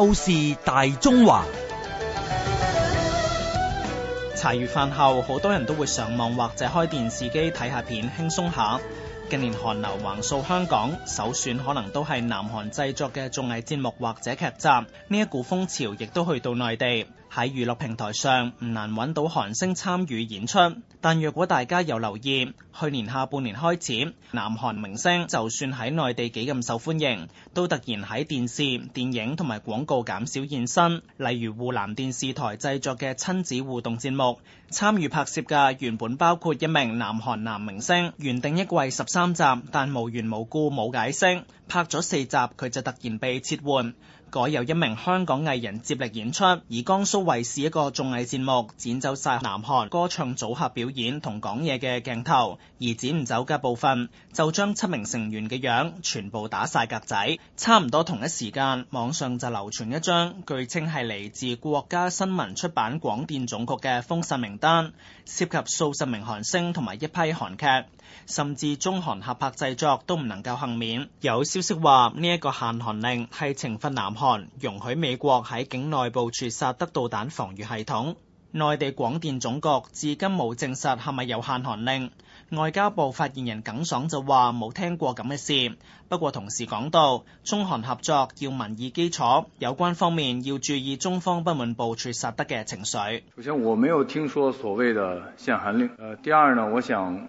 透視大中華，茶餘飯後好多人都會上網或者開電視機睇下片，輕鬆下。近年韓流橫掃香港，首選可能都係南韓製作嘅綜藝節目或者劇集，呢一股風潮亦都去到內地。喺娛樂平台上唔難揾到韓星參與演出，但若果大家有留意，去年下半年開始，南韓明星就算喺內地幾咁受歡迎，都突然喺電視、電影同埋廣告減少現身。例如湖南電視台製作嘅親子互動節目，參與拍攝嘅原本包括一名南韓男明星，原定一季十三集，但無緣無故冇解釋，拍咗四集佢就突然被撤換，改由一名香港藝人接力演出，而江蘇，都衛視一個綜藝節目，剪走晒南韓歌唱組合表演同講嘢嘅鏡頭，而剪唔走嘅部分，就將七名成員嘅樣全部打晒格仔。差唔多同一時間，網上就流傳一張，據稱係嚟自國家新聞出版廣電總局嘅封殺名單，涉及數十名韓星同埋一批韓劇。甚至中韓合拍製作都唔能夠幸免。有消息話呢一個限韓令係懲罰南韓，容許美國喺境內部署薩德導彈防禦系統。內地廣電總局至今冇證實係咪有限韓令。外交部發言人耿爽就話冇聽過咁嘅事，不過同時講到中韓合作要民意基礎，有關方面要注意中方不滿部署薩德嘅情緒。首先，我沒有聽說所謂的限韓令。呃，第二呢，我想。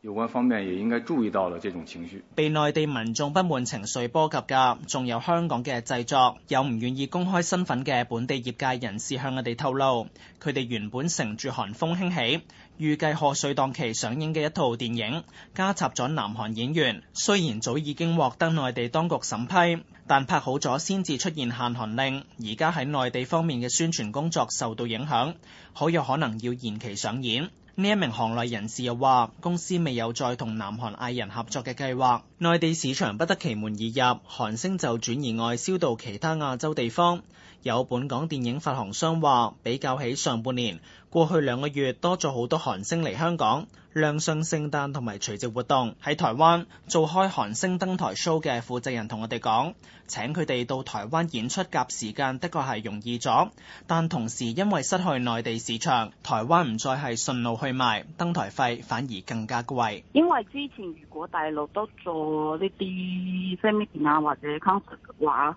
有關方面也應該注意到了這種情緒。被內地民眾不滿情緒波及嘅，仲有香港嘅製作。有唔願意公開身份嘅本地業界人士向我哋透露，佢哋原本乘住韓風興起，預計賀歲檔期上映嘅一套電影，加插咗南韓演員。雖然早已經獲得內地當局審批，但拍好咗先至出現限韓令，而家喺內地方面嘅宣傳工作受到影響，好有可能要延期上演。呢一名行內人士又話，公司未有再同南韓藝人合作嘅計劃。內地市場不得其門而入，韓星就轉移外銷到其他亞洲地方。有本港電影發行商話，比較起上半年，過去兩個月多咗好多韓星嚟香港，亮相聖誕同埋除夕活動。喺台灣做開韓星登台 show 嘅負責人同我哋講，請佢哋到台灣演出夾時間，的確係容易咗，但同時因為失去內地市場，台灣唔再係順路去賣，登台費反而更加貴。因為之前如果大陸都做。我呢啲 family 團啊，或者 concert 嘅話，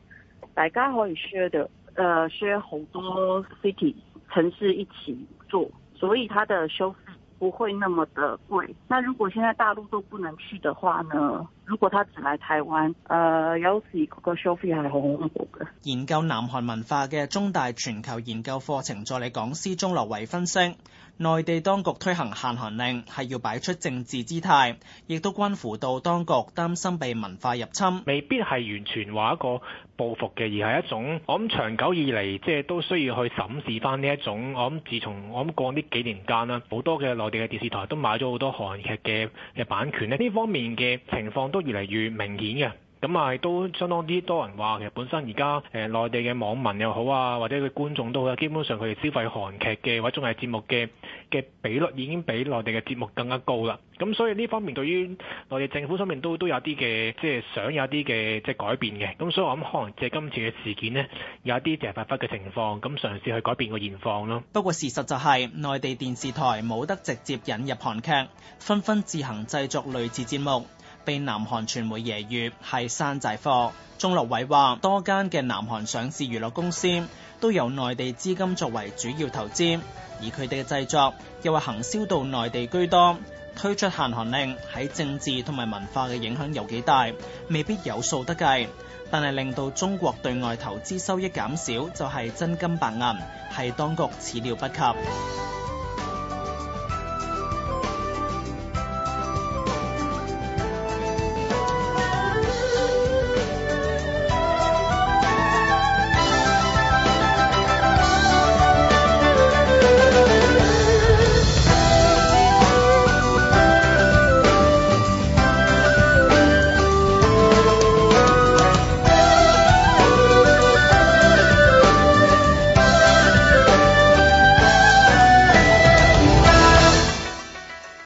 我也學的，呃、學好多 city 城市一起做，所以它的收費不會那麼的貴。那如果現在大陸都不能去的話呢，如果他唔喺台灣，誒、呃、有時嗰個消費係好恐怖嘅。研究南韓文化嘅中大全球研究課程助理講師鐘立維分析，內地當局推行限韓令係要擺出政治姿態，亦都關乎到當局擔心被文化入侵，未必係完全話一個報復嘅，而係一種我諗長久以嚟即係都需要去審視翻呢一種。我諗自從我諗過呢幾年間啦，好多嘅內地嘅電視台都買咗好多韓劇嘅嘅版權咧，呢方面嘅情況都越嚟越明顯嘅咁啊，都相當啲多人話其實本身而家誒內地嘅網民又好啊，或者佢觀眾都好啊，基本上佢哋消費韓劇嘅或者綜藝節目嘅嘅比率已經比內地嘅節目更加高啦。咁所以呢方面對於內地政府方面都都有啲嘅，即係想有啲嘅即係改變嘅。咁所以我諗可能借今次嘅事件呢，有一啲即係發揮嘅情況咁嘗試去改變個現況咯。不過事實就係內地電視台冇得直接引入韓劇，紛紛自行製作類似節目。被南韓傳媒揶揄係山寨貨。鍾樂偉話：多間嘅南韓上市娛樂公司都由內地資金作為主要投資，而佢哋嘅製作又話行銷到內地居多。推出限韓令喺政治同埋文化嘅影響有幾大，未必有數得計。但係令到中國對外投資收益減少就係、是、真金白銀，係當局始料不及。